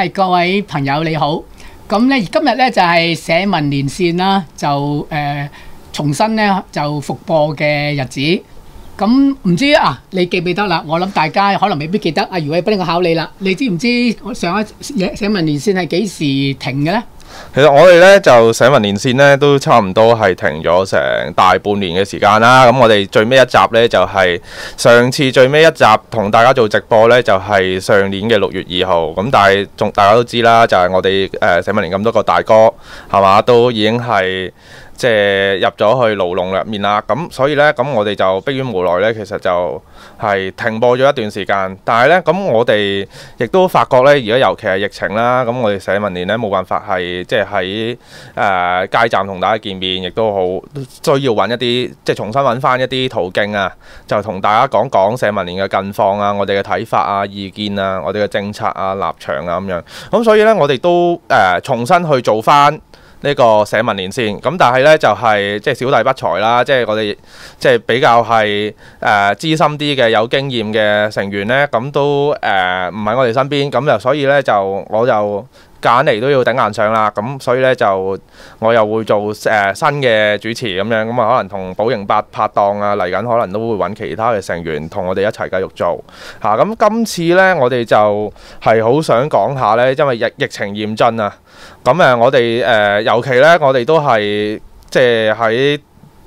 係各位朋友你好，咁咧今日呢，就係社民連線啦，就誒、呃、重新呢，就復播嘅日子。咁、嗯、唔知啊，你記唔記得啦？我諗大家可能未必記得。阿余煒彬，我考你啦，你知唔知我上一社民連線係幾時停嘅呢？其實我哋呢就社民連線呢都差唔多係停咗成大半年嘅時間啦。咁我哋最尾一集呢就係、是、上次最尾一集同大家做直播呢，就係、是、上年嘅六月二號。咁但係仲大家都知啦，就係、是、我哋誒社民連咁多個大哥係嘛都已經係。即係入咗去牢籠入面啦，咁所以呢，咁我哋就迫於無奈呢，其實就係停播咗一段時間。但係呢，咁我哋亦都發覺呢，而家尤其係疫情啦，咁我哋社民連呢，冇辦法係即係喺誒街站同大家見面，亦都好需要揾一啲即係重新揾翻一啲途徑啊，就同大家講講社民連嘅近況啊，我哋嘅睇法啊、意見啊、我哋嘅政策啊、立場啊咁樣。咁所以呢，我哋都誒、呃、重新去做翻。呢個社民連先咁，但係呢就係即係小弟不才啦，即係我哋即係比較係誒資深啲嘅有經驗嘅成員呢，咁都誒唔喺我哋身邊，咁就所以呢，就我就。揀嚟都要頂硬上啦，咁所以呢就我又會做誒新嘅主持咁樣，咁啊可能同寶瑩八拍檔啊嚟緊，可能都會揾其他嘅成員同我哋一齊繼續做吓。咁今次呢我哋就係好想講下呢，因為疫疫情嚴峻啊，咁誒我哋誒尤其呢我哋都係即係喺。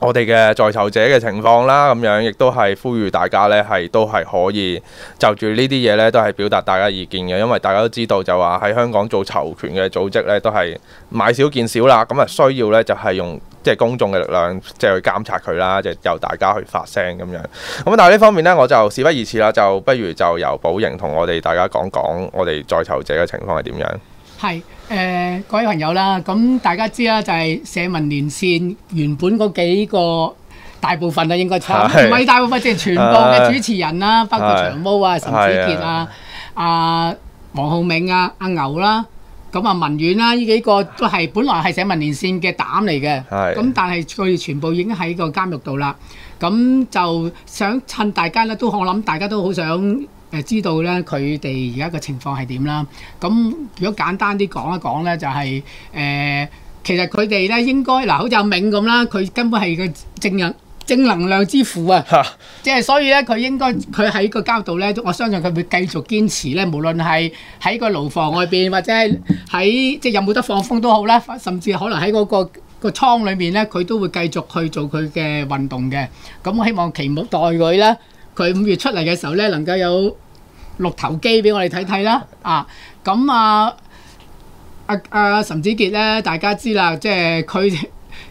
我哋嘅在囚者嘅情況啦，咁樣亦都係呼籲大家呢，係都係可以就住呢啲嘢呢，都係表達大家意見嘅。因為大家都知道就話喺香港做囚權嘅組織呢，都係買少見少啦。咁啊，需要呢，就係用即係公眾嘅力量，即係去監察佢啦，即係由大家去發聲咁樣。咁但係呢方面呢，我就事不宜次事不宜遲啦，就不如就由寶瑩同我哋大家講講我哋在囚者嘅情況係點樣。係。誒各位朋友啦，咁大家知啦，就係社民連線原本嗰幾個大部分啦，應該差唔係大部分，即係全部嘅主持人啦，包括長毛啊、岑子杰啊、阿黃浩銘啊、阿牛啦，咁啊文遠啦，呢幾個都係本來係社民連線嘅膽嚟嘅，咁但係佢哋全部已經喺個監獄度啦，咁就想趁大家咧，都我諗大家都好想。誒知道咧，佢哋而家嘅情況係點啦？咁如果簡單啲講一講咧，就係、是、誒、呃，其實佢哋咧應該嗱，好似阿銘咁啦，佢根本係個正人正能量之父啊！即係所以咧，佢應該佢喺個交度咧，我相信佢會繼續堅持咧，無論係喺個牢房外邊，或者係喺即係有冇得放風都好啦，甚至可能喺嗰、那個、那個倉裏面咧，佢都會繼續去做佢嘅運動嘅。咁我希望期待佢啦。佢五月出嚟嘅時候咧，能夠有六頭肌俾我哋睇睇啦，啊咁啊啊啊岑子傑咧，大家知啦，即係佢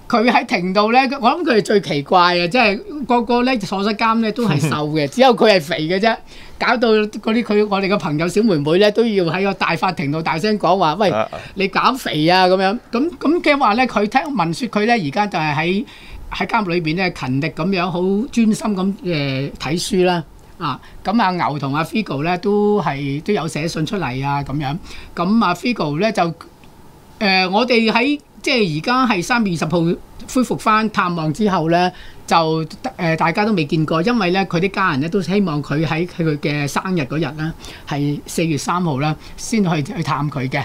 佢喺庭度咧，我諗佢係最奇怪嘅，即係個個咧坐咗監咧都係瘦嘅，只有佢係肥嘅啫，搞到嗰啲佢我哋嘅朋友小妹妹咧都要喺個大法庭度大聲講話，喂你減肥啊咁樣，咁咁嘅話咧，佢聽聞説佢咧而家就係喺。喺監獄裏邊咧勤力咁、啊、樣，好專心咁誒睇書啦啊！咁啊牛同阿 Figo 咧都係都有寫信出嚟啊咁樣。咁啊 Figo 咧就誒，我哋喺即係而家係三月二十號恢復翻探望之後咧，就誒大家都未見過，因為咧佢啲家人咧都希望佢喺佢嘅生日嗰日啦，係四月三號啦，先去去探佢嘅。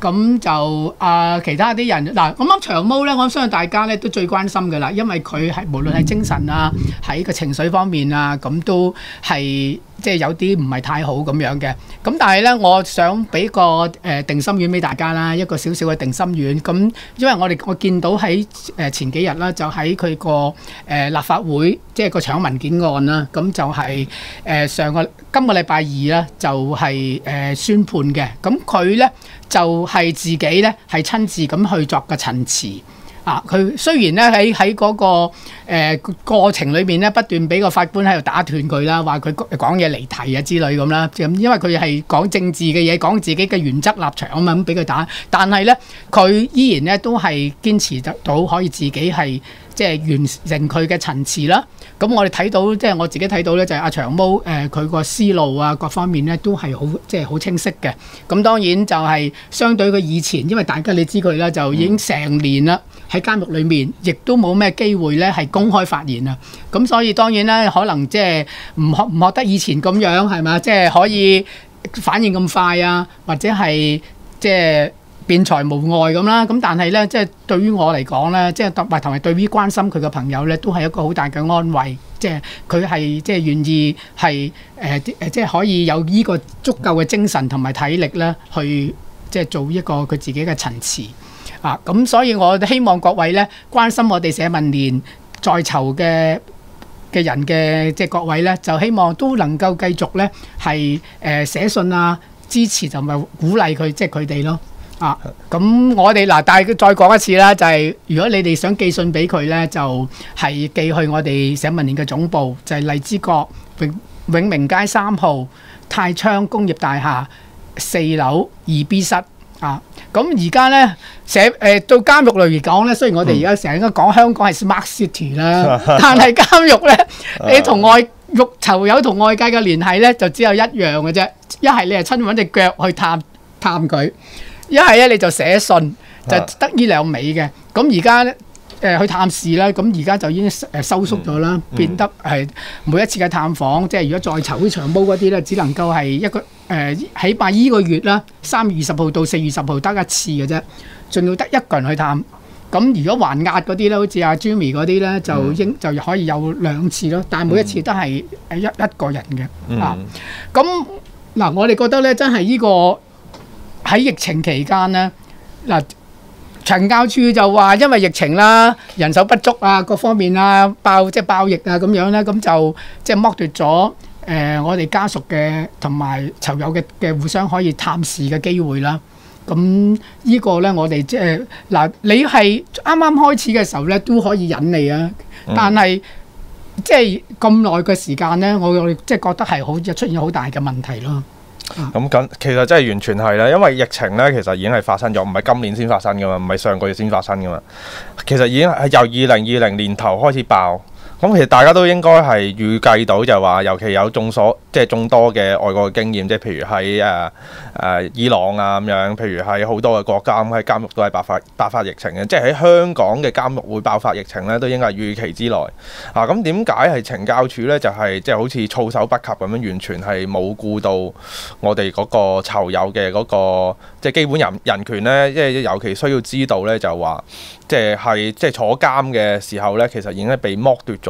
咁就、呃、其他啲人嗱，咁啱長毛呢，我諗相信大家呢都最關心嘅啦，因為佢係無論係精神啊，喺個情緒方面啊，咁都係。即係有啲唔係太好咁樣嘅，咁但係呢，我想俾個誒、呃、定心丸俾大家啦，一個小小嘅定心丸。咁因為我哋我見到喺誒前幾日啦，就喺佢個誒立法會，即係個搶文件案啦，咁就係、是、誒、呃、上個今個禮拜二呢，就係、是、誒、呃、宣判嘅。咁佢呢，就係、是、自己呢，係親自咁去作個陳詞。啊！佢雖然咧喺喺嗰個誒、呃、過程裏邊咧不斷俾個法官喺度打斷佢啦，話佢講嘢離題啊之類咁啦，咁因為佢係講政治嘅嘢，講自己嘅原則立場啊嘛，咁俾佢打，但係咧佢依然咧都係堅持得到可以自己係。即係完成佢嘅層次啦，咁我哋睇到，即係我自己睇到咧，就係阿長毛誒，佢個思路啊，各方面咧都係好，即係好清晰嘅。咁當然就係相對佢以前，因為大家你知佢啦，就已經成年啦，喺監獄裏面，亦都冇咩機會咧係公開發言啊。咁所以當然咧，可能即係唔學唔學得以前咁樣係嘛，即係可以反應咁快啊，或者係即係。變財無外咁啦，咁但係呢，即係對於我嚟講呢，即係同埋同埋對於關心佢嘅朋友呢，都係一個好大嘅安慰。即係佢係即係願意係誒即係可以有呢個足夠嘅精神同埋體力呢，去即係做一個佢自己嘅陳詞啊。咁所以我希望各位呢，關心我哋社民連在囚嘅嘅人嘅即係各位呢，就希望都能夠繼續呢，係誒寫信啊，支持同埋鼓勵佢即係佢哋咯。啊，咁我哋嗱、啊，但係再講一次啦，就係、是、如果你哋想寄信俾佢呢，就係、是、寄去我哋社民聯嘅總部，就係、是、荔枝角永永明街三號泰昌工業大廈四樓二 B 室。啊，咁而家呢，社誒、呃、到監獄嚟而講呢，雖然我哋而家成日應該講香港係 smart city 啦， 但係監獄呢， 你同外欲囚友同外界嘅聯繫呢，就只有一樣嘅啫，一係你係親揾隻腳去探探佢。一係咧你就寫信，就得呢兩尾嘅。咁而家誒去探視啦。咁而家就已經誒收縮咗啦，嗯、變得係每一次嘅探訪，嗯、即係如果再籌啲長毛嗰啲咧，只能夠係一個誒、呃，起碼依個月啦，三月二十號到四月十號得一次嘅啫，仲要得一個人去探。咁如果還押嗰啲咧，好似阿 Jimmy 嗰啲咧，就應就可以有兩次咯，但係每一次都係一一個人嘅、嗯嗯、啊。咁嗱，我哋覺得咧，真係呢、呢個。喺疫情期間呢，嗱、呃，懲教署就話因為疫情啦、人手不足啊、各方面啊、爆即係爆疫啊咁樣咧，咁就即係剝奪咗誒、呃、我哋家屬嘅同埋囚友嘅嘅互相可以探視嘅機會啦。咁呢個咧，我哋即係嗱，你係啱啱開始嘅時候咧都可以引你啊，嗯、但係即係咁耐嘅時間咧，我我即係覺得係好似出現好大嘅問題咯。咁咁，嗯嗯嗯、其實真係完全係啦，因為疫情咧，其實已經係發生咗，唔係今年先發生㗎嘛，唔係上個月先發生㗎嘛，其實已經係由二零二零年頭開始爆。咁其實大家都應該係預計到，就話尤其有眾所即係眾多嘅外國經驗，即係譬如喺誒誒伊朗啊咁樣，譬如係好多嘅國家咁，喺監獄都係爆發爆發疫情嘅，即係喺香港嘅監獄會爆發疫情咧，都應該係預期之內啊，咁點解係懲教署咧就係即係好似措手不及咁樣完全係冇顧到我哋嗰個囚友嘅嗰個即係基本人人權咧？即係尤其需要知道咧，就話即係係即係坐監嘅時候咧，其實已經被剝奪咗。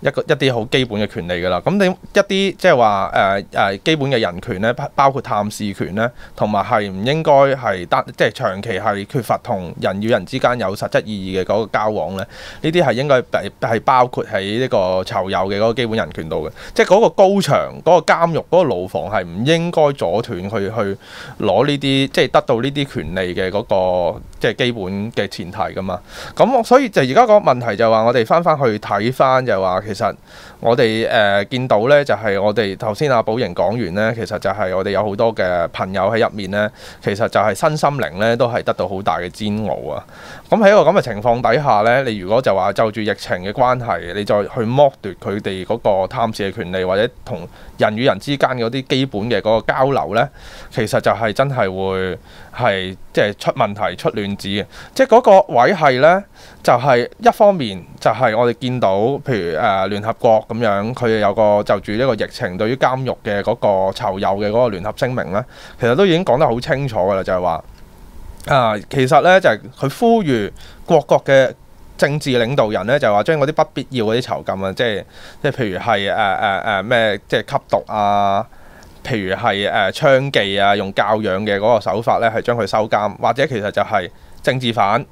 一個一啲好基本嘅權利㗎啦，咁你一啲即係話誒誒基本嘅人權咧，包括探視權咧，同埋係唔應該係單即係長期係缺乏同人與人之間有實質意義嘅嗰個交往咧，呢啲係應該係包括喺呢個囚友嘅嗰個基本人權度嘅，即係嗰個高牆、嗰個監獄、嗰個牢房係唔應該阻斷佢去攞呢啲即係得到呢啲權利嘅嗰個即係基本嘅前提㗎嘛。咁我所以就而家個問題就係話我哋翻翻去睇翻就話。其實我哋誒、呃、見到呢，就係、是、我哋頭先阿寶瑩講完呢。其實就係我哋有好多嘅朋友喺入面呢，其實就係身心靈呢，都係得到好大嘅煎熬啊！咁、嗯、喺一個咁嘅情況底下呢，你如果就話就住疫情嘅關係，你再去剝奪佢哋嗰個探視嘅權利，或者同人與人之間嗰啲基本嘅嗰個交流呢，其實就係真係會係即係出問題、出亂子。即係嗰個位係呢，就係、是、一方面就係我哋見到，譬如誒。呃啊！聯合國咁樣，佢有個就住呢個疫情對於監獄嘅嗰個囚友嘅嗰個聯合聲明呢，其實都已經講得好清楚㗎喇，就係話啊，其實呢，就係佢呼籲各國嘅政治領導人呢，就話將嗰啲不必要嗰啲囚禁啊，即係即係譬如係誒誒誒咩，即係吸毒啊，譬如係誒娼妓啊，用教養嘅嗰個手法呢，係將佢收監，或者其實就係政治犯。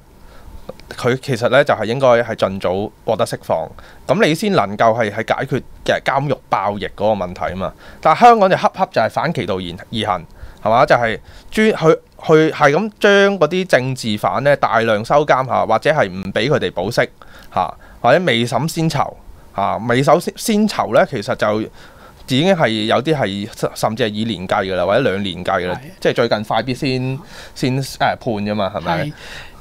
佢其實咧就係應該係盡早獲得釋放，咁你先能夠係係解決嘅監獄爆疫嗰個問題啊嘛。但係香港就恰恰就係反其道而而行，係嘛？就係專去去係咁將嗰啲政治犯呢，大量收監吓，或者係唔俾佢哋保釋吓，或者未審先囚吓、啊，未審先先囚咧，其實就已經係有啲係甚至係以年計噶啦，或者兩年計噶啦，是即係最近快啲先先誒判㗎嘛，係咪？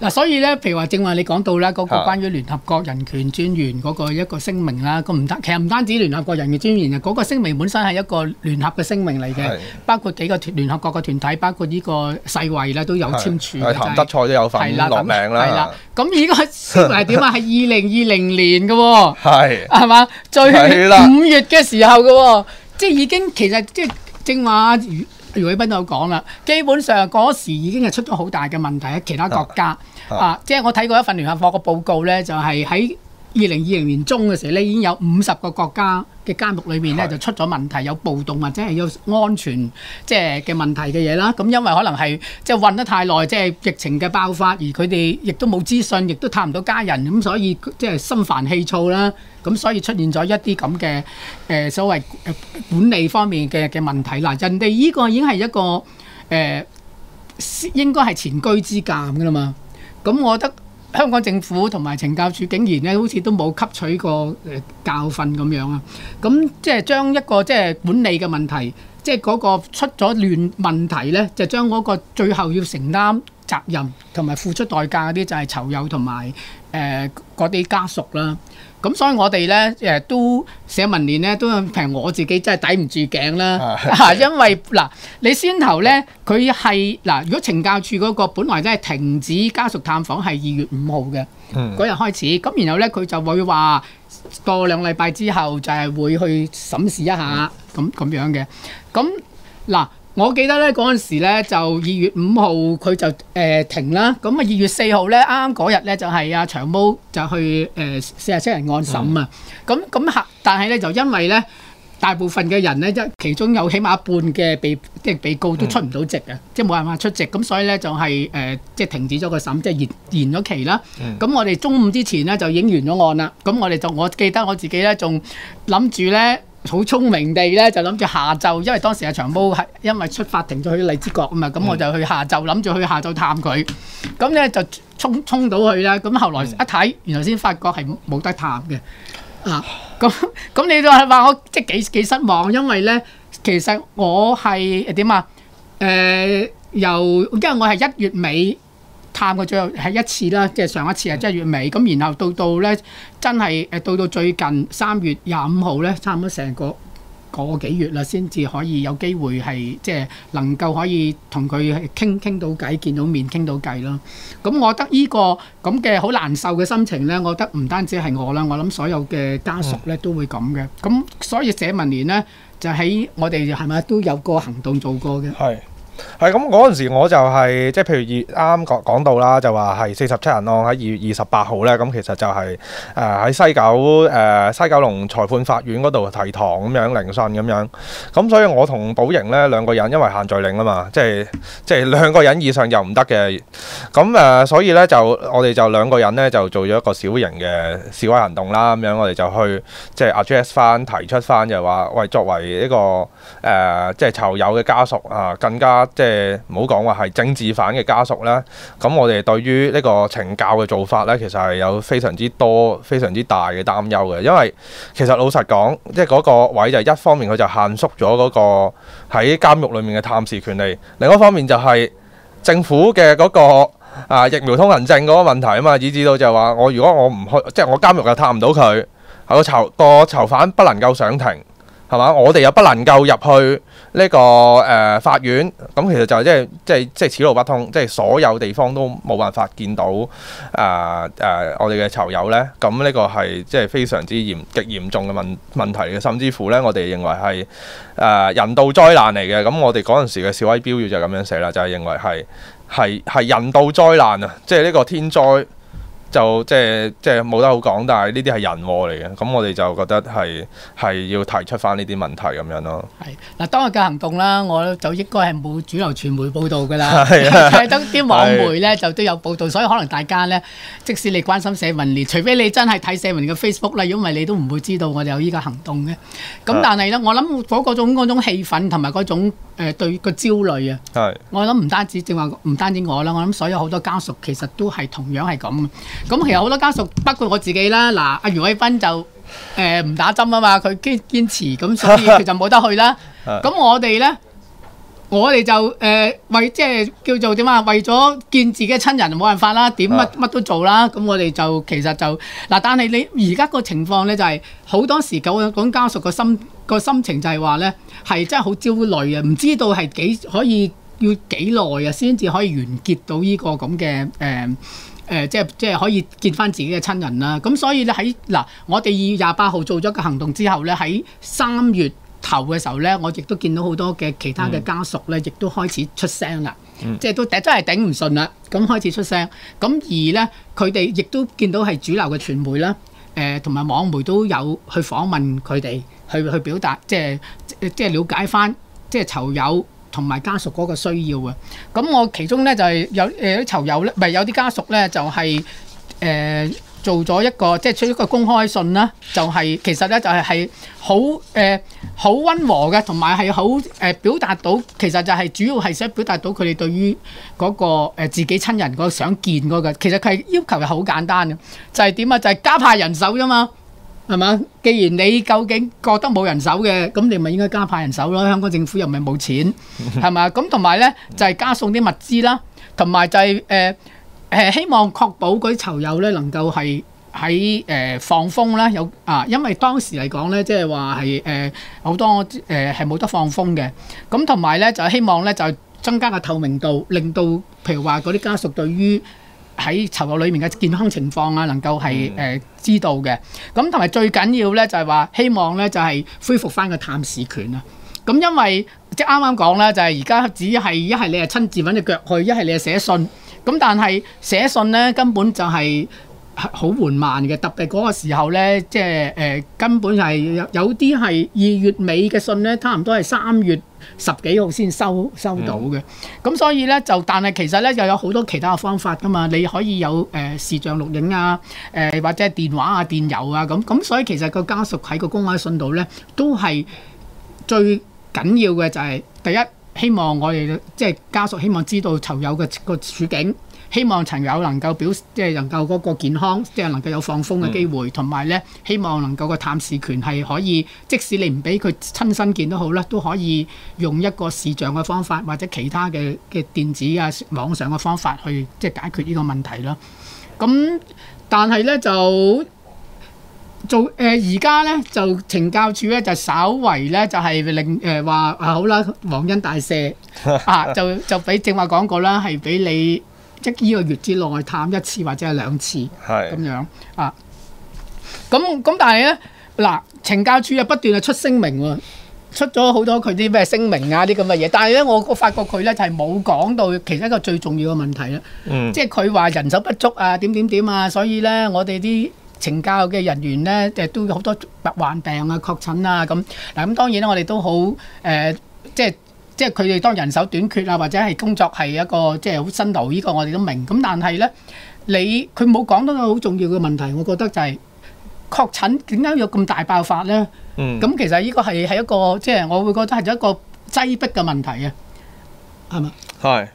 嗱、啊，所以咧，譬如話，正話你講到啦，嗰、那個關於聯合國人權專員嗰個一個聲明啦，個唔單其實唔單止聯合國人權專員啊，嗰、那個聲明本身係一個聯合嘅聲明嚟嘅，的包括幾個聯合國嘅團體，包括呢個世衞啦都有簽署、就是。譚德塞都有份落名啦。咁依個聲明點啊？係二零二零年嘅喎、哦。係的。係嘛？最五的 月嘅時候嘅喎、哦，即係已經其實即係正話阿余煒彬都有講啦，基本上嗰時已經係出咗好大嘅問題喺其他國家。 啊！即係我睇過一份聯合國嘅報告呢就係喺二零二零年中嘅時候呢已經有五十個國家嘅監獄裏面呢是的 就出咗問題，有暴動或者係有安全即係嘅問題嘅嘢啦。咁因為可能係即係困得太耐，即係疫情嘅爆發，而佢哋亦都冇資訊，亦都探唔到家人，咁所以即係心煩氣躁啦。咁所以出現咗一啲咁嘅誒所謂管理方面嘅嘅問題。嗱，人哋呢個已經係一個誒、呃、應該係前車之鑑噶啦嘛。咁我覺得香港政府同埋懲教署竟然咧，好似都冇吸取過誒教訓咁樣啊！咁即係將一個即係管理嘅問題，即係嗰個出咗亂問題咧，就是、將嗰個最後要承擔責任同埋付出代價嗰啲，就係囚友同埋誒嗰啲家屬啦。咁所以我哋呢，誒都社民連呢，都平我自己真係抵唔住頸啦嚇， 因為嗱你先頭呢，佢係嗱，如果懲教署嗰個本來真係停止家屬探訪係二月五號嘅嗰日 開始，咁然後呢，佢就會話過兩禮拜之後就係會去審視一下咁咁 樣嘅咁嗱。我記得咧嗰陣時咧，就二月五號佢就誒、呃、停啦。咁、就是、啊，二月四號咧，啱啱嗰日咧就係阿長毛就去誒四十七人案審啊。咁咁嚇，但係咧就因為咧大部分嘅人咧，即其中有起碼一半嘅被即係被告都出唔到席啊，嗯、即係冇辦法出席，咁所以咧就係、是、誒、呃、即係停止咗個審，即係延延咗期啦。咁、嗯、我哋中午之前咧就已經完咗案啦。咁我哋就我記得我自己咧仲諗住咧。好聰明地咧，就諗住下晝，因為當時阿長毛係因為出法庭咗去荔枝角啊嘛，咁我就去下晝，諗住去下晝探佢。咁咧就衝衝到去啦。咁後來一睇，原來先發覺係冇得探嘅。啊，咁咁你都係話我即係幾幾失望，因為咧其實我係點啊？誒、呃，由因為我係一月尾。探過最後係一次啦，即係上一次係一月尾，咁、嗯、然後到到咧真係誒到到最近三月廿五號咧，差唔多成個個幾月啦，先至可以有機會係即係能夠可以同佢傾傾到偈，見到面、傾到偈咯。咁我覺得呢、這個咁嘅好難受嘅心情咧，我覺得唔單止係我啦，我諗所有嘅家屬咧都會咁嘅。咁、嗯、所以社民聯咧就喺我哋係咪都有個行動做過嘅？係。係咁嗰陣時我就係即係譬如啱啱講到啦，就話係四十七人案喺二月二十八號咧，咁其實就係誒喺西九誒、呃、西九龍裁判法院嗰度提堂咁樣聆訊咁樣。咁所以我同寶瑩咧兩個人因為限聚令啊嘛，即係即係兩個人以上又唔得嘅。咁誒、呃，所以咧就我哋就兩個人咧就做咗一個小型嘅示威行動啦。咁樣我哋就去即係 address 番提出翻就係話喂，作為一個誒即係囚友嘅家屬啊，更加。即係唔好講話係政治犯嘅家屬啦，咁我哋對於呢個懲教嘅做法呢，其實係有非常之多、非常之大嘅擔憂嘅。因為其實老實講，即係嗰個位就一方面佢就限縮咗嗰個喺監獄裡面嘅探視權利，另一方面就係政府嘅嗰個啊疫苗通行證嗰個問題啊嘛，以至到就係話我如果我唔去，即係我監獄又探唔到佢，個囚、個囚犯不能夠上庭。係嘛？我哋又不能夠入去呢、這個誒、呃、法院，咁其實就係即係即係即係此路不通，即、就、係、是、所有地方都冇辦法見到啊誒、呃呃、我哋嘅囚友咧，咁呢個係即係非常之嚴極嚴重嘅問問題嚟嘅，甚至乎咧我哋認為係誒、呃、人道災難嚟嘅。咁我哋嗰陣時嘅示威標語就咁樣寫啦，就係、是、認為係係係人道災難啊！即係呢個天災。就即係即係冇得好講，但係呢啲係人禍嚟嘅，咁我哋就覺得係係要提出翻呢啲問題咁樣咯。係嗱，當日嘅行動啦，我就應該係冇主流傳媒報導㗎啦，係等啲網媒咧就都有報導，所以可能大家咧，即使你關心社民連，除非你真係睇社民連嘅 Facebook，如果唔係你都唔會知道我哋有呢個行動嘅。咁但係咧，我諗嗰嗰種嗰種氣氛同埋嗰種。誒、呃、對、這個焦慮啊， 我諗唔單止正話唔單止我啦，我諗所有好多家屬其實都係同樣係咁。咁、嗯、其實好多家屬，包括我自己啦。嗱，阿袁偉芬就誒唔、呃、打針啊嘛，佢堅堅持，咁所以佢就冇得去啦。咁 我哋咧，我哋就誒為、呃、即係叫做點啊、呃？為咗見自己嘅親人，冇辦法啦，點乜乜都做啦。咁、嗯嗯、我哋就其實就嗱，但係你而家個情況咧、就是，就係好多時講講家屬個心個心情就係話咧。係真係好焦慮嘅、啊，唔知道係幾可以要幾耐啊，先至可以完結到呢個咁嘅誒誒，即係即係可以見翻自己嘅親人啦、啊。咁、嗯、所以咧喺嗱，我哋二月廿八號做咗個行動之後咧，喺三月頭嘅時候咧，我亦都見到好多嘅其他嘅家屬咧，亦都開始出聲啦。嗯、即係都真係頂唔順啦，咁開始出聲。咁而咧，佢哋亦都見到係主流嘅傳媒啦，誒同埋網媒都有去訪問佢哋。去去表達，即係即係瞭解翻，即係囚友同埋家屬嗰個需要啊。咁我其中咧就係、是、有誒啲囚友咧，唔係有啲家屬咧，就係、是、誒、呃、做咗一個即係出一個公開信啦。就係、是、其實咧就係係好誒好溫和嘅，同埋係好誒表達到其實就係主要係想表達到佢哋對於嗰、那個、呃、自己親人個想見嗰個，其實佢係要求係好簡單嘅，就係點啊？就係、是、加派人手啫嘛。係嘛？既然你究竟覺得冇人手嘅，咁你咪應該加派人手咯。香港政府又唔係冇錢，係嘛？咁同埋咧就係、是、加送啲物資啦，同埋就係誒誒希望確保嗰啲囚友咧能夠係喺誒放風啦。有啊，因為當時嚟講咧，即係話係誒好多誒係冇得放風嘅。咁同埋咧就係希望咧就係增加個透明度，令到譬如話嗰啲家屬對於喺囚獄裏面嘅健康情況啊，能夠係誒、呃、知道嘅。咁同埋最緊要呢，就係話，希望呢，就係、是、恢復翻個探視權啊。咁因為即係啱啱講呢，就係而家只係一係你係親自揾隻腳去，一係你係寫信。咁但係寫信呢，根本就係、是。好緩慢嘅，特別嗰個時候呢，即係誒、呃、根本係有啲係二月尾嘅信呢，差唔多係三月十幾號先收收到嘅。咁、嗯、所以呢，就，但係其實呢，又有好多其他嘅方法噶嘛，你可以有誒、呃、視像錄影啊，誒、呃、或者電話啊、電郵啊咁。咁所以其實個家屬喺個公開信度呢，都係最緊要嘅就係、是、第一，希望我哋即係家屬希望知道囚友嘅個處境。希望親友能夠表即係能夠嗰個健康，即係能夠有放風嘅機會，同埋咧，希望能夠個探視權係可以，即使你唔俾佢親身見都好啦，都可以用一個視像嘅方法，或者其他嘅嘅電子啊、網上嘅方法去即係解決呢個問題啦。咁但係咧就做誒而家咧就懲教處咧就稍為咧就係、是、令誒話、呃、啊好啦，皇恩大赦 啊，就就俾正話講過啦，係俾你。即呢個月之內探一次或者係兩次咁是樣啊，咁咁但係咧嗱，懲教處又不斷啊出聲明喎，出咗好多佢啲咩聲明啊啲咁嘅嘢，但係咧我我發覺佢咧就係冇講到其他一個最重要嘅問題啦，即係佢話人手不足啊點點點啊，所以咧我哋啲懲教嘅人員咧誒都有好多患病啊確診啊咁。嗱咁當然咧我哋都好誒即係。呃就是即係佢哋當人手短缺啊，或者係工作係一個即係好辛勞，呢個我哋都明。咁但係呢，你佢冇講到個好重要嘅問題，我覺得就係確診點解有咁大爆發呢？嗯，咁其實呢個係係一個即係我會覺得係一個擠迫嘅問題啊，係咪？係，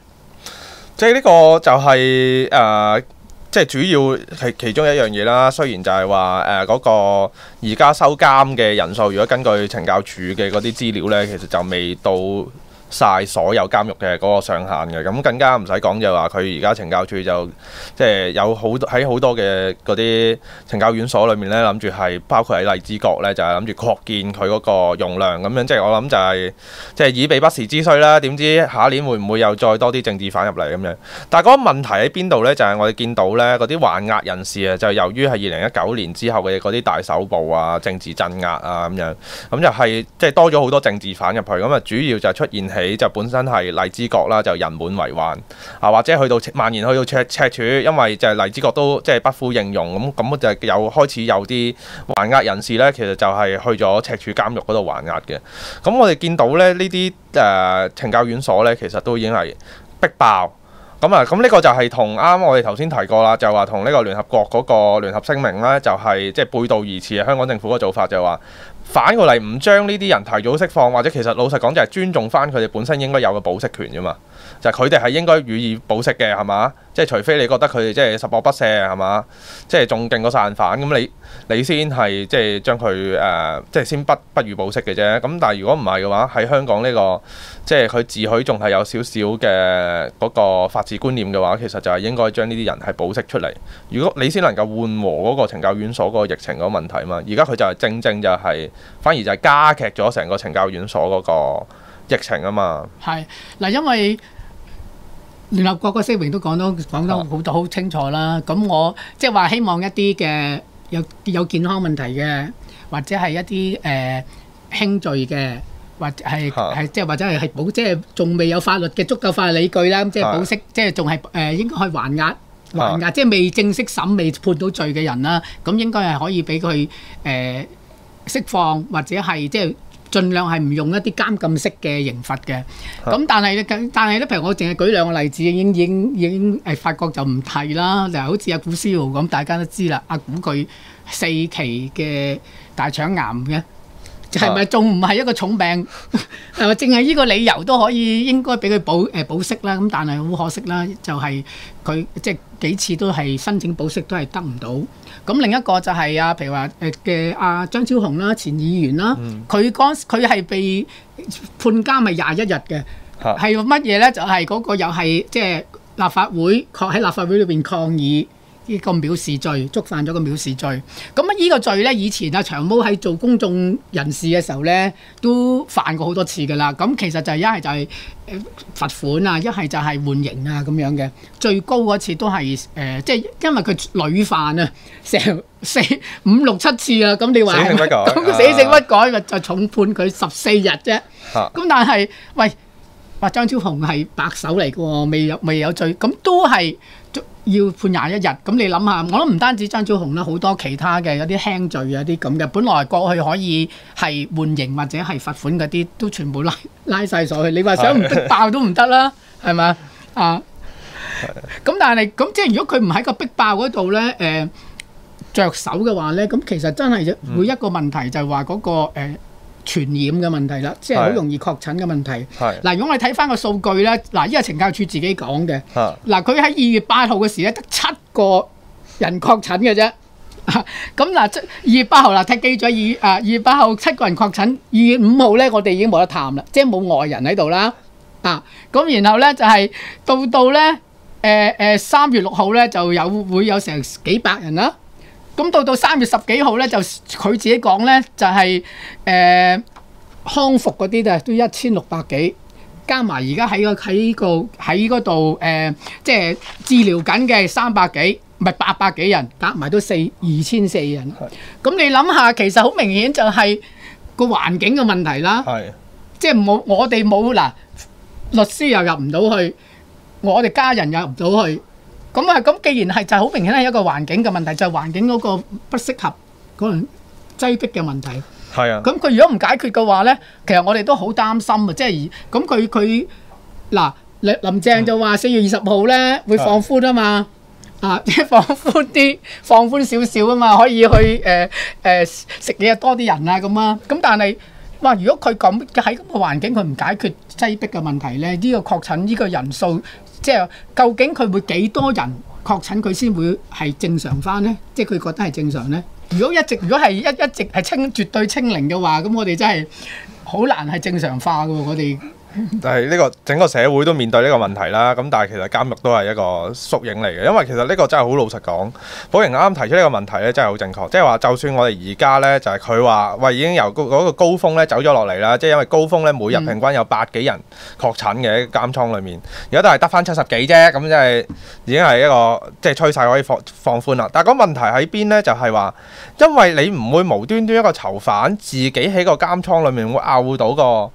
即係呢個就係誒，即係主要係其中一樣嘢啦。雖然就係話誒嗰個而家收監嘅人數，如果根據懲教署嘅嗰啲資料呢，其實就未到晒所有監獄嘅嗰個上限嘅，咁更加唔使講就係話佢而家懲教處就即係、就是、有好多喺好多嘅嗰啲懲教院所裏面呢。諗住係包括喺荔枝角呢，就係諗住擴建佢嗰個容量咁樣。即、就、係、是、我諗就係即係以備不時之需啦。點知下一年會唔會又再多啲政治犯入嚟咁樣？但係嗰個問題喺邊度呢？就係、是、我哋見到呢嗰啲還押人士啊，就由於係二零一九年之後嘅嗰啲大搜捕啊、政治鎮壓啊咁樣，咁就係即係多咗好多政治犯入去。咁啊，主要就出現就本身係荔枝角啦，就人滿為患啊，或者去到蔓延去到赤赤柱，因為就係荔枝角都即係、就是、不敷應用咁，咁就有開始有啲還押人士呢，其實就係去咗赤柱監獄嗰度還押嘅。咁我哋見到咧，呢啲誒懲教院所呢，其實都已經係逼爆咁啊！咁呢個就係同啱我哋頭先提過啦，就話同呢個聯合國嗰個聯合聲明呢，就係即係背道而馳嘅，香港政府嘅做法就，就話。反過嚟唔將呢啲人提早釋放，或者其實老實講就係尊重返佢哋本身應該有嘅保釋權啫嘛，就係佢哋係應該予以保釋嘅，係嘛？即係除非你覺得佢即係十惡不赦係嘛，即係仲勁過殺人犯咁，你你先係即係將佢誒即係先不不予保釋嘅啫。咁但係如果唔係嘅話，喺香港呢、這個即係佢自詡仲係有少少嘅嗰個法治觀念嘅話，其實就係應該將呢啲人係保釋出嚟。如果你先能夠緩和嗰個懲教院所嗰個疫情嗰個問題嘛，而家佢就係正正就係、是、反而就係加劇咗成個懲教院所嗰個疫情啊嘛。係嗱，因為。聯合國個聲明都講到講得好多好清楚啦，咁、啊、我即係話希望一啲嘅有有健康問題嘅，或者係一啲誒、呃、輕罪嘅，或者係即係或者係係保即係仲未有法律嘅足夠法律理據啦，咁即係保釋即係仲係誒應該去還押、啊、還押，即、就、係、是、未正式審未判到罪嘅人啦，咁應該係可以俾佢誒釋放或者係即係。就是盡量係唔用一啲監禁式嘅刑罰嘅，咁但係咧，但係咧，譬如我淨係舉兩個例子，已經已經已經誒發覺就唔提啦，就好似阿古思堯咁，大家都知啦，阿古佢四期嘅大腸癌嘅，係咪仲唔係一個重病？係咪淨係呢個理由都可以應該俾佢保誒保釋啦？咁、呃、但係好可惜啦，就係、是、佢即係幾次都係申請保釋都係得唔到。咁另一個就係啊，譬如話誒嘅阿張超雄啦，前議員啦，佢當時佢係被判監咪廿一日嘅，係乜嘢咧？就係、是、嗰個又係即係立法會抗喺立法會裏邊抗議。呢個藐視罪觸犯咗個藐視罪，咁啊呢個罪咧，以前啊長毛喺做公眾人士嘅時候咧，都犯過好多次噶啦。咁其實就係一係就係罰款啊，一係就係緩刑啊咁樣嘅。最高嗰次都係誒，即係因為佢屢犯啊，成四五六七次啦。咁你話咁死性不改，咪就重判佢十四日啫。咁但係喂，話張超雄係白手嚟嘅喎，未有未有罪，咁都係，要判廿一日，咁你諗下，我諗唔單止張超雄啦，好多其他嘅有啲輕罪，有啲咁嘅，本來過去可以係緩刑或者係罰款嗰啲，都全部拉拉曬上去。你話想唔逼爆都唔得啦，係咪？ 啊？咁但係咁即係如果佢唔喺個逼爆嗰度呢，誒、呃、着手嘅話呢，咁其實真係每一個問題就係話嗰個、呃傳染嘅問題啦，即係好容易確診嘅問題。嗱的，如果我睇翻個數據咧，嗱，依個懲教署自己講嘅，嗱的，佢喺二月八號嘅時咧，得七個人確診嘅啫。咁 嗱，二月八號嗱踢機咗，二啊二月八號七個人確診，二月五號咧，我哋已經冇得探啦，即係冇外人喺度啦。啊，咁然後咧就係、是、到到咧誒誒三月六號咧就有會有成幾百人啦。咁到到三月十幾號呢，就佢自己講呢，就係誒康復嗰啲都一千六百幾，加埋而家喺個喺個喺嗰度誒，即係治療緊嘅三百幾，唔係八百幾人，加埋都四二千四人。咁你諗下，其實好明顯就係個環境嘅問題啦。即係冇我哋冇嗱，律師又入唔到去，我哋家人又入唔到去。咁啊，咁既然係就係好明顯咧，一個環境嘅問題，就係環境嗰個不適合嗰個擠迫嘅問題。係啊，咁佢如果唔解決嘅話咧，其實我哋都好擔心啊，即係咁佢佢嗱林林鄭就話四月二十號咧會放寬啊嘛啊，即係放寬啲，放寬少少啊嘛，可以去誒誒食嘢多啲人啊咁啊，咁但係哇，如果佢咁喺咁嘅環境佢唔解決擠迫嘅問題咧，呢個確診呢個人數。即係究竟佢會幾多人確診佢先會係正常返呢？即係佢覺得係正常呢？如果一直如果係一一直係清絕對清零嘅話，咁我哋真係好難係正常化嘅喎，我哋。就係呢個整個社會都面對呢個問題啦，咁但係其實監獄都係一個縮影嚟嘅，因為其實呢個真係好老實講，寶瑩啱啱提出呢個問題咧，真係好正確，即係話就算我哋而家咧，就係佢話喂已經由嗰個高峰咧走咗落嚟啦，即係因為高峰咧每日平均有百幾人確診嘅監倉裏面，而家都係得翻七十幾啫，咁即係已經係一個即係趨勢可以放放寬啦。但係個問題喺邊咧，就係話因為你唔會無端端一個囚犯自己喺個監倉裏面會拗到個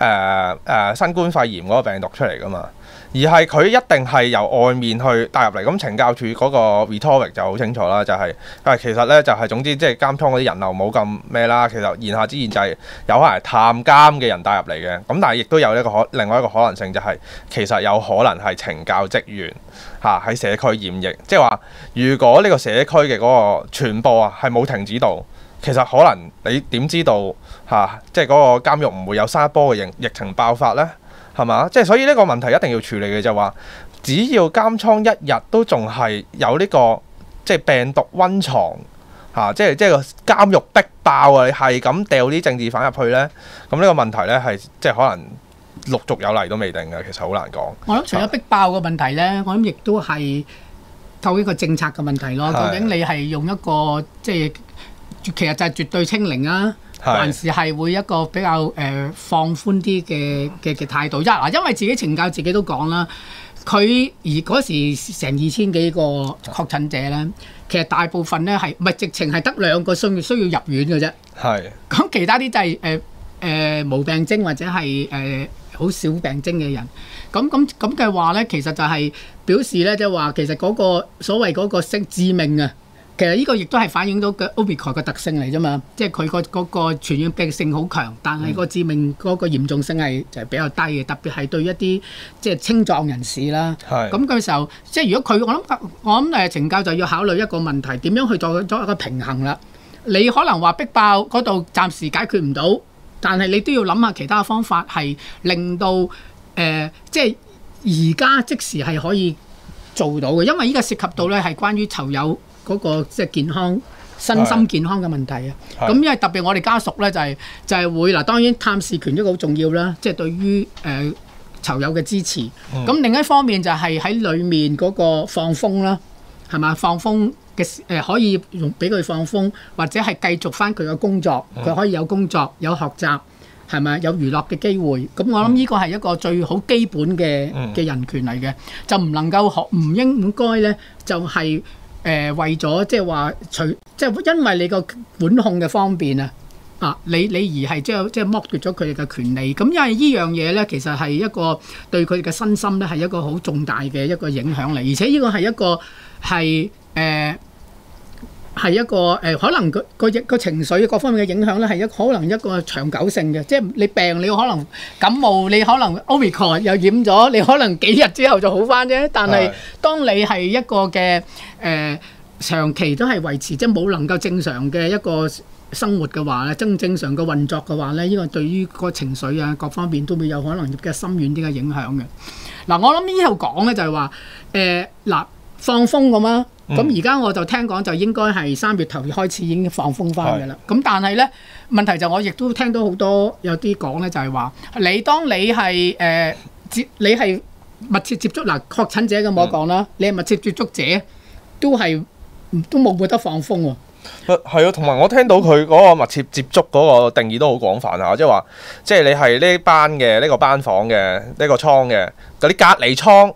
誒誒、呃呃、新冠肺炎嗰個病毒出嚟㗎嘛，而係佢一定係由外面去帶入嚟。咁懲教署嗰個 rhetoric 就好清楚啦，就係、是、誒其實呢，就係、是、總之即係監倉嗰啲人流冇咁咩啦。其實言下之意就係有可能係探監嘅人帶入嚟嘅。咁但係亦都有一個可另外一個可能性就係、是、其實有可能係懲教職員嚇喺、啊、社區染疫，即係話如果呢個社區嘅嗰個傳播啊係冇停止到。其實可能你點知道嚇、啊，即係嗰個監獄唔會有沙波嘅疫、疫情爆發呢？係嘛？即係所以呢個問題一定要處理嘅就話，只要監倉一日都仲係有呢、呢個即係病毒溫床，嚇、啊，即係即係個監獄逼爆啊！你係咁掉啲政治犯入去呢？咁、嗯、呢個問題呢，係即係可能陸續有嚟都未定嘅，其實好難講。我諗除咗逼爆嘅問題呢，我諗亦都係透呢一個政策嘅問題咯。究竟你係用一個的即係？其實就係絕對清零啊，是還是係會一個比較誒、呃、放寬啲嘅嘅嘅態度。一啊，因為自己懲教自己都講啦，佢而嗰時成二千幾個確診者咧，是其實大部分咧係唔係直情係得兩個需要需要入院嘅啫。係是。咁其他啲就係誒誒無病徵或者係誒好少病徵嘅人。咁咁咁嘅話咧，其實就係表示咧，即係話其實嗰個所謂嗰個識致命啊。其實呢個亦都係反映到嘅 Omicron 嘅特性嚟啫嘛，即係佢個嗰個傳染性好強，但係個致命嗰個嚴重性係就係比較低嘅，嗯、特別係對一啲即係青壯人士啦。係。咁佢時候，即係如果佢，我諗我諗誒，懲教就要考慮一個問題，點樣去做作一個平衡啦？你可能話逼爆嗰度暫時解決唔到，但係你都要諗下其他方法係令到誒、呃，即係而家即時係可以做到嘅，因為呢個涉及到咧係關於囚友。嗰個即係健康、身心健康嘅問題啊！咁的因為特別我哋家屬呢，就係、是、就係、是、會嗱，當然探視權一個好重要啦，即、就、係、是、對於誒、呃、囚友嘅支持。咁、嗯、另一方面就係喺裏面嗰個放風啦，係嘛放風嘅誒、呃，可以用俾佢放風，或者係繼續返佢嘅工作，佢、嗯、可以有工作、有學習，係咪？有娛樂嘅機會。咁我諗呢個係一個最好基本嘅嘅、嗯、人權嚟嘅，就唔能夠學唔應唔該呢，就係、是。誒、呃、為咗即係話，除即係因為你個管控嘅方便啊，啊，你你而係即係即係剝奪咗佢哋嘅權利，咁因為呢樣嘢咧，其實係一個對佢哋嘅身心咧係一個好重大嘅一個影響嚟，而且呢個係一個係誒。係一個誒、呃，可能個個,個情緒各方面嘅影響咧，係一可能一個長久性嘅，即係你病，你可能感冒，你可能 Omicron 又染咗，你可能幾日之後就好翻啫。但係當你係一個嘅誒、呃、長期都係維持，即係冇能夠正常嘅一個生活嘅話咧，正正常嘅運作嘅話咧，呢、呢個對於個情緒啊各方面都會有可能嘅深遠啲嘅影響嘅。嗱，我諗呢度講咧就係話誒，嗱、呃、放風咁樣～咁而家我就聽講就應該係三月頭開始已經放風翻嘅啦。咁是的 但係咧，問題就我亦都聽到好多有啲講咧，就係話你當你係誒、呃、接你係密切接觸嗱確診者咁我講啦，嗯、你係密切接觸者都係都冇冇得放風喎。係啊，同埋我聽到佢嗰個密切接觸嗰個定義都好廣泛啊，即係話即係你係呢班嘅呢、呢個班房嘅呢、呢個倉嘅嗰啲隔離倉。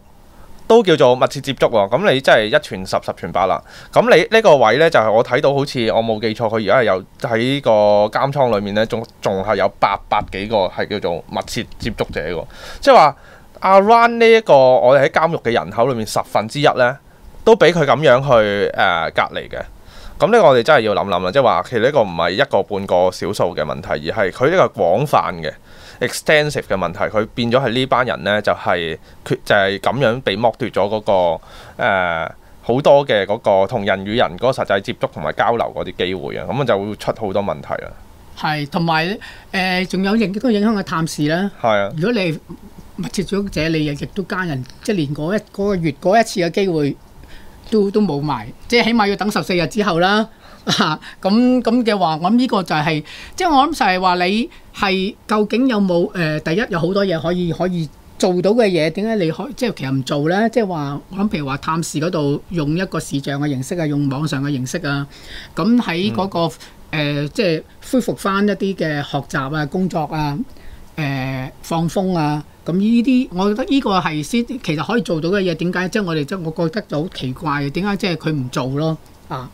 都叫做密切接觸喎，咁你真係一傳十，十傳百啦。咁你呢、呢個位呢，就係、係、我睇到好似我冇記錯，佢而家係有喺個監倉裏面呢，仲仲係有八百幾個係叫做密切接觸者喎。即係話阿 Ron 呢一個，我哋喺監獄嘅人口裏面十分之一呢，都俾佢咁樣去誒、呃、隔離嘅。咁呢個我哋真係要諗諗啦，即係話其實呢個唔係一個半個少數嘅問題，而係佢呢個廣泛嘅。extensive 嘅問題，佢變咗係呢班人呢，就係缺就係咁樣被剝奪咗嗰個誒好多嘅嗰個同人與人嗰個實際接觸同埋交流嗰啲機會啊，咁啊就會出好多問題啦。係，同埋誒仲有影都影響嘅探視啦。係啊，如果你密切咗者，你亦都加人，即係連嗰一嗰個月嗰一次嘅機會都都冇埋，即係起碼要等十四日之後啦。嚇咁咁嘅話，我諗呢個就係、是，即係我諗就係、是、話、就是、你係究竟有冇誒、呃？第一有好多嘢可以可以做到嘅嘢，點解你可即係其實唔做咧？即係話我諗，譬如話探視嗰度用一個視像嘅形式啊，用網上嘅形式啊，咁喺嗰個即係、嗯呃就是、恢復翻一啲嘅學習啊、工作啊、誒、呃、放風啊，咁呢啲我覺得呢個係先其實可以做到嘅嘢，點解即係我哋即我覺得就好奇怪嘅，點解即係佢唔做咯？啊！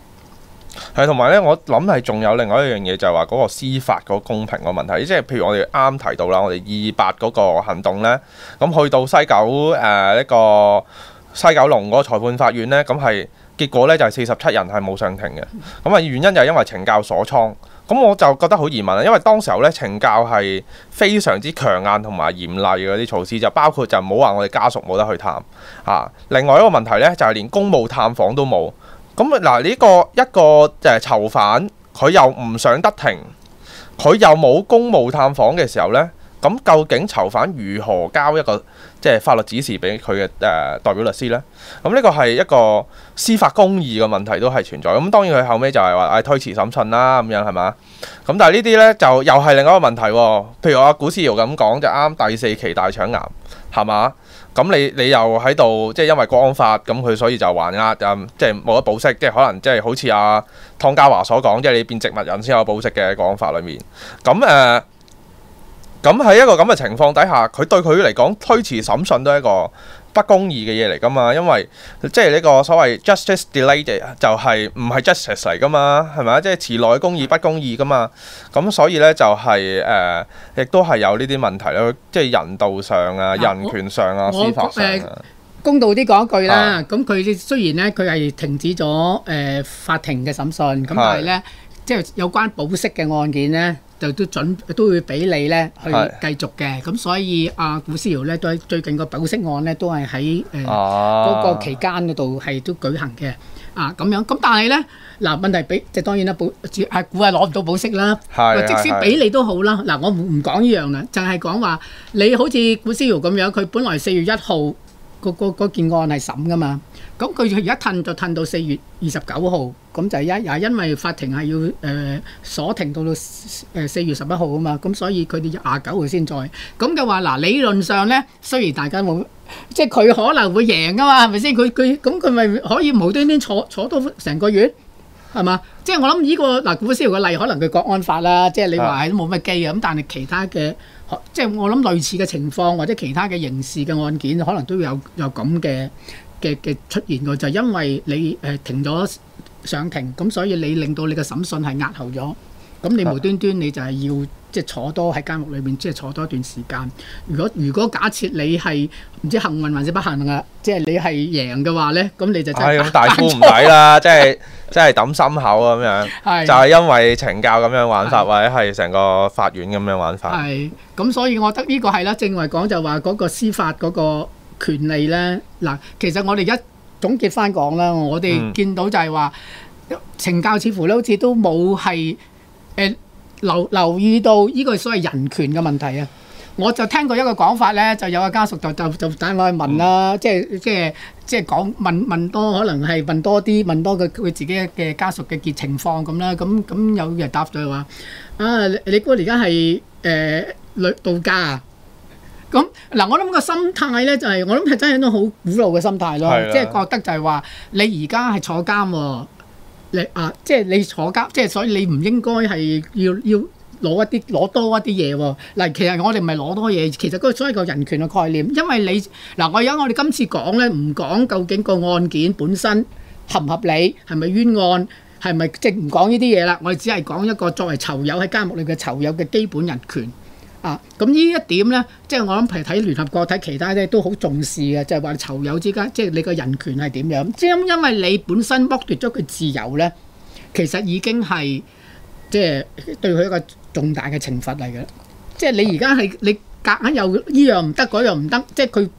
係，同埋咧，我諗係仲有另外一樣嘢，就係話嗰個司法嗰個公平個問題，即係譬如我哋啱提到啦，我哋二八嗰個行動咧，咁去到西九誒一、呃呢個西九龍嗰個裁判法院咧，咁係結果咧就係四十七人係冇上庭嘅，咁啊原因就係因為懲教所倉，咁我就覺得好疑問啦，因為當時候咧懲教係非常之強硬同埋嚴厲嗰啲措施，就包括就冇話我哋家屬冇得去探嚇、啊，另外一個問題咧就係、是、連公務探訪都冇。咁嗱呢個一個誒囚犯，佢又唔上得庭，佢又冇公務探訪嘅時候呢，咁究竟囚犯如何交一個即係法律指示俾佢嘅誒代表律師呢？咁呢個係一個司法公義嘅問題都係存在。咁當然佢後尾就係話誒推遲審訊啦，咁樣係嘛？咁但係呢啲呢，就又係另一個問題喎、啊。譬如阿、啊、古思堯咁講就啱，第四期大腸癌係嘛？咁你你又喺度即係因為國安法咁佢所以就還押、嗯，即係冇得保釋，即係可能即係好似阿、啊、湯家驊所講，即係你變植物人先有保釋嘅國安法裏面。咁誒，咁、呃、喺一個咁嘅情況底下，佢對佢嚟講推遲審訊都係一個。不公義嘅嘢嚟噶嘛？因為即係呢個所謂 justice delayed 就係唔係 justice 嚟噶嘛？係咪啊？即係遲來嘅公義不公義噶嘛？咁所以咧就係、是、誒、呃，亦都係有呢啲問題咯。即係人道上啊、人權上啊、司法上，公道啲講一句啦，咁佢的雖然咧佢係停止咗誒、呃、法庭嘅審訊，咁但係咧的即係有關保釋嘅案件咧。就都準都會俾你咧去繼續嘅，咁所以啊古思堯咧都喺最近個保釋案咧都係喺誒嗰個期間嗰度係都舉行嘅啊咁樣，咁但係咧嗱問題俾即係當然啦保主啊古啊攞唔到保釋啦，即使俾你都好啦嗱，我唔唔講呢樣啦，就係講話你好似古思堯咁樣，佢本來四月一號個個嗰件案係審㗎嘛。咁佢而家褪就褪到四月二十九號，咁就因也因為法庭係要誒鎖停到到誒四月十一號啊嘛，咁所以佢哋廿九號先再咁嘅話，嗱理論上咧，雖然大家冇即係佢可能會贏啊嘛，係咪先？佢佢咁佢咪可以無端端坐坐到成個月係嘛？即係我諗依、呢個嗱，古思堯嘅例可能佢國安法啦，即係你話係都冇乜機啊，咁但係其他嘅即係我諗類似嘅情況或者其他嘅刑事嘅案件，可能都有有咁嘅。嘅嘅出現嘅就係因為你誒停咗上庭，咁所以你令到你嘅審訊係押後咗，咁你無端端你就係要即係坐多喺監獄裏面，即係坐多一段時間。如果如果假設你係唔知幸運還是不幸嘅，即係你係贏嘅話咧，咁你就真係咁大呼唔抵啦！即係即係揼心口咁樣，就係因為懲教咁樣玩法，或者係成個法院咁樣玩法。係咁，所以我覺得呢個係啦，正話講就話嗰個司法嗰個。權利咧，嗱，其實我哋而家總結翻講啦，我哋見到就係話，懲教似乎咧好似都冇係誒留留意到呢個所謂人權嘅問題啊。我就聽過一個講法咧，就有個家屬就就就等我去問啦、嗯，即係即係即係講問問多，可能係問多啲問多佢佢自己嘅家屬嘅結情況咁啦。咁咁有人答咗係話，啊你估而、呃、家係誒旅度假啊？咁嗱，我諗個心態咧，就係、是、我諗係真係一種好古老嘅心態咯，的即係覺得就係話你而家係坐監喎，你，、哦、你啊，即係你坐監，即係所以你唔應該係要要攞一啲攞多一啲嘢喎。嗱，其實我哋唔係攞多嘢，其實嗰所謂個人權嘅概念，因為你嗱，我而家我哋今次講咧，唔講究竟個案件本身合唔合理，係咪冤案，係咪即唔講呢啲嘢啦。我哋只係講一個作為囚友喺監獄裏嘅囚友嘅基本人權。啊，咁呢一點呢，即係我諗，譬如睇聯合國睇其他呢，都好重視嘅，就係話囚友之間，即係你個人權係點樣，即係因因為你本身剝奪咗佢自由呢，其實已經係即係對佢一個重大嘅懲罰嚟嘅。即係你而家係你夾硬又呢樣唔得，嗰樣唔得，即係佢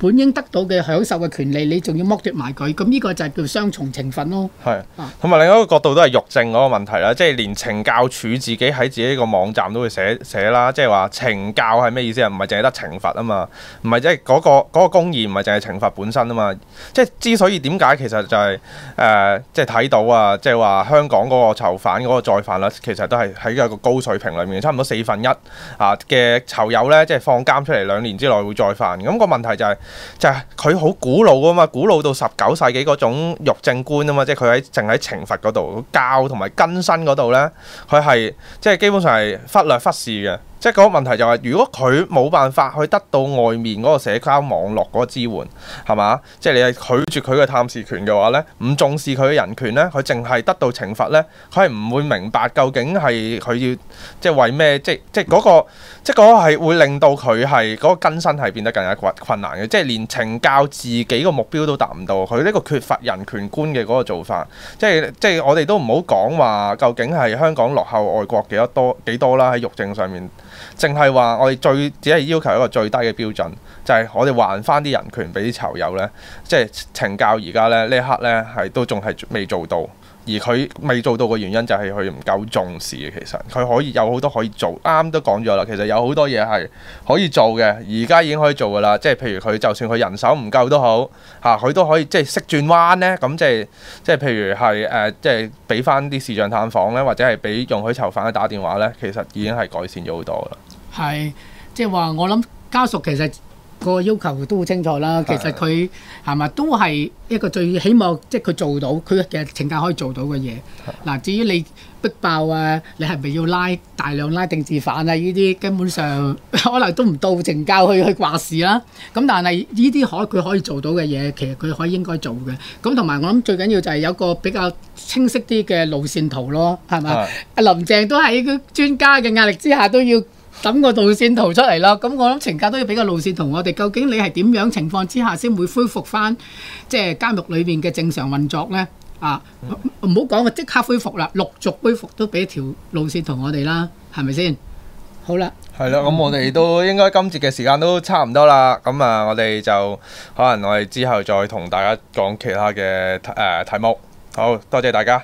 本應得到嘅享受嘅權利，你仲要剝奪埋佢，咁呢個就係叫雙重懲罰咯。係，同埋另一個角度都係獄政嗰個問題啦，即係連懲教署自己喺自己個網站都會寫寫啦，即係話懲教係咩意思啊？唔係淨係得懲罰啊嘛，唔係即係嗰個嗰個公義唔係淨係懲罰本身啊嘛。即係之所以點解其實就係、是、誒、呃，即係睇到啊，即係話香港嗰個囚犯嗰個再犯率其實都係喺一個高水平裏面，差唔多四分一啊嘅囚友呢，即係放監出嚟兩年之內會再犯。咁、那個問題就係、是。就係佢好古老啊嘛，古老到十九世紀嗰種獄政觀啊嘛，即係佢喺淨係喺懲罰嗰度，教同埋更新嗰度咧，佢係即係基本上係忽略忽視嘅。即係個問題就係、是，如果佢冇辦法去得到外面嗰個社交網絡嗰個支援，係嘛？即係你係拒絕佢嘅探視權嘅話呢，唔重視佢嘅人權呢，佢淨係得到懲罰呢，佢係唔會明白究竟係佢要即係為咩？即係即係嗰、那個即係嗰係會令到佢係嗰個更生係變得更加困困難嘅。即係連懲教自己嘅目標都達唔到，佢呢個缺乏人權觀嘅嗰個做法，即係即係我哋都唔好講話究竟係香港落後外國幾多多幾多啦，喺獄政上面。淨係話我哋最只係要求一個最低嘅標準，就係我哋還翻啲人權俾啲囚友呢，即係懲教而家呢，呢一刻呢，係都仲係未做到，而佢未做到嘅原因就係佢唔夠重視。其實佢可以有好多可以做，啱都講咗啦。其實有好多嘢係可以做嘅，而家已經可以做㗎啦。即係譬如佢就算佢人手唔夠都好嚇，佢都可以即係識轉彎呢。咁即係即係譬如係誒，即係俾翻啲視像探訪呢，或者係俾容許囚犯去打電話呢，其實已經係改善咗好多啦。係，即係話我諗家屬其實個要求都好清楚啦。的其實佢係咪都係一個最起碼，即係佢做到佢嘅懲教可以做到嘅嘢。嗱的，至於你逼爆啊，你係咪要拉大量拉定自犯啊？呢啲根本上可能都唔到懲教去去話事啦。咁但係呢啲可佢可以做到嘅嘢，其實佢可以應該做嘅。咁同埋我諗最緊要就係有個比較清晰啲嘅路線圖咯，係咪啊？的林鄭都喺啲專家嘅壓力之下都要。等個路線圖出嚟咯，咁我諗懲教都要俾個路線圖我哋。究竟你係點樣情況之下先會恢復翻，即係監獄裏邊嘅正常運作呢？啊，唔好講啊，即刻恢復啦，陸續恢復都俾條路線圖我哋啦，係咪先？好啦，係啦，咁我哋都應該今節嘅時間都差唔多啦，咁啊，我哋就可能我哋之後再同大家講其他嘅誒題目。好多謝大家。